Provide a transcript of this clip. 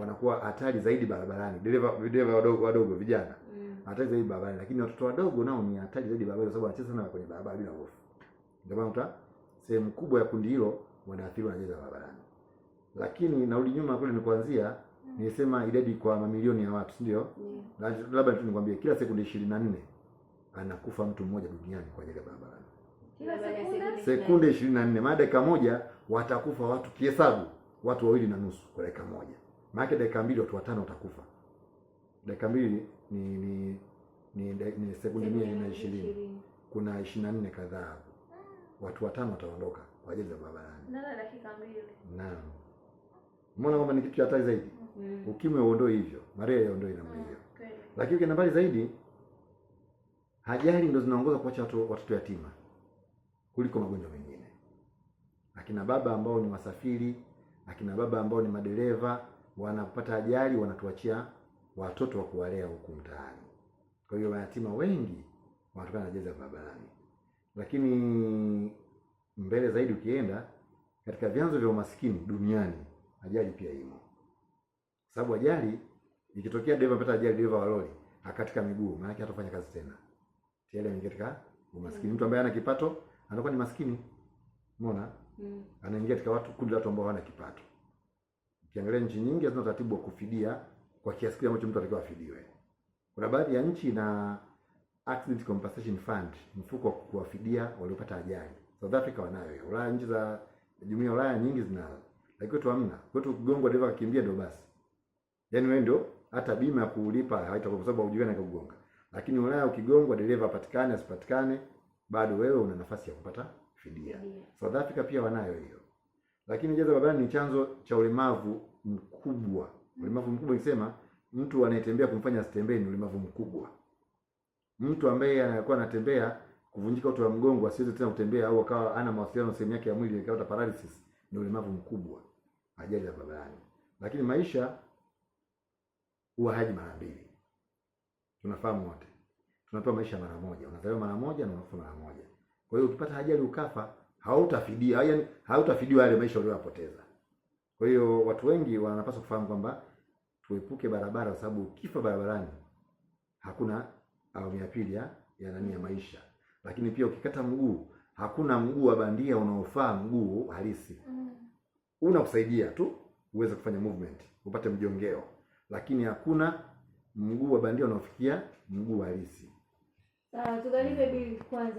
wanakuwa hatari zaidi barabarani. Dereva dereva wadogo wadogo vijana mm. hatari zaidi barabarani, lakini watoto wadogo nao ni hatari zaidi barabarani, kwa sababu wanacheza sana kwenye barabara bila hofu. Ndio maana uta sehemu kubwa ya kundi hilo wanaathiriwa na ajali barabarani. Lakini narudi nyuma kule nilipoanzia, mm. nilisema idadi kwa mamilioni ya watu, ndio yeah. Labda tu nikwambie, kila sekunde 24 anakufa mtu mmoja duniani kwa ajili ya barabarani. Sekunde 24, maana dakika moja watakufa watu, kihesabu watu wawili na nusu kwa dakika moja maanake dakika mbili watu watano watakufa. Dakika mbili ni ni ni, ni sekundi mia na ishirini, kuna ishirini na nne kadhaa hapo, watu watano wataondoka kwa ajili ya barabarani na dakika mbili. Naam, umeona kwamba ni kitu cha hatari zaidi. mm. Ukimwi uondoe hivyo, malaria yaondoe namna mm, hiyo. mm. Lakini ukienda mbali zaidi, ajali ndio zinaongoza kuacha watu watoto yatima kuliko magonjwa mengine. Akina baba ambao ni wasafiri, akina baba ambao ni madereva wanapata ajali, wanatuachia watoto wa kuwalea huku mtaani. Kwa hiyo mayatima wengi wanatokana na ajali za barabarani. Lakini mbele zaidi ukienda katika vyanzo vya umaskini duniani, ajali pia imo, sababu ajali ikitokea, dereva pata ajali, dereva wa lori akatika miguu, maana yake hatafanya kazi tena, tayari ameingia katika umaskini. Mm. Mtu ambaye ana kipato anakuwa ni maskini, umeona, mm. anaingia katika watu kundi la watu ambao hawana kipato. Ukiangalia nchi nyingi hazina utaratibu wa kufidia kwa kiasi kile ambacho mtu anatakiwa afidiwe. Kuna baadhi ya nchi na Accident Compensation Fund, mfuko wa kuwafidia waliopata ajali. South Africa wanayo. Ulaya, nchi za Jumuiya ya Ulaya nyingi zinazo. Lakini kwetu hamna. Kwetu kugongwa dereva akakimbia ndio basi. Yaani wewe ndio hata bima ya kulipa haitakuwa kwa sababu hujui na kugonga. Lakini Ulaya ukigongwa dereva apatikane asipatikane, bado wewe una nafasi ya kupata fidia. South Africa pia wanayo hiyo. Lakini ujazo wa barabarani ni chanzo cha ulemavu mkubwa. Ulemavu mkubwa ikisema mtu anayetembea kumfanya asitembee ni ulemavu mkubwa. Mtu ambaye anakuwa anatembea kuvunjika uti wa mgongo asiweze tena kutembea au akawa ana mawasiliano sehemu yake ya mwili ikawa paralysis ni ulemavu mkubwa ajali za barabarani. Lakini maisha huwa haji mara mbili. Tunafahamu wote. Tunapewa maisha mara moja. Unazaliwa mara moja na unakufa mara moja. Kwa hiyo ukipata ajali ukafa hautafidia yani, hautafidiwa yale maisha uliyopoteza. Kwa hiyo watu wengi wanapaswa kufahamu kwamba tuepuke barabara, kwa sababu ukifa barabarani hakuna awamu um, ya pili ya nani ya maisha. Lakini pia ukikata mguu, hakuna mguu wa bandia unaofaa mguu halisi, mm. unakusaidia tu uweze kufanya movement, upate mjongeo, lakini hakuna mguu wa bandia unaofikia mguu halisi. Sawa, tugalipe bili kwanza.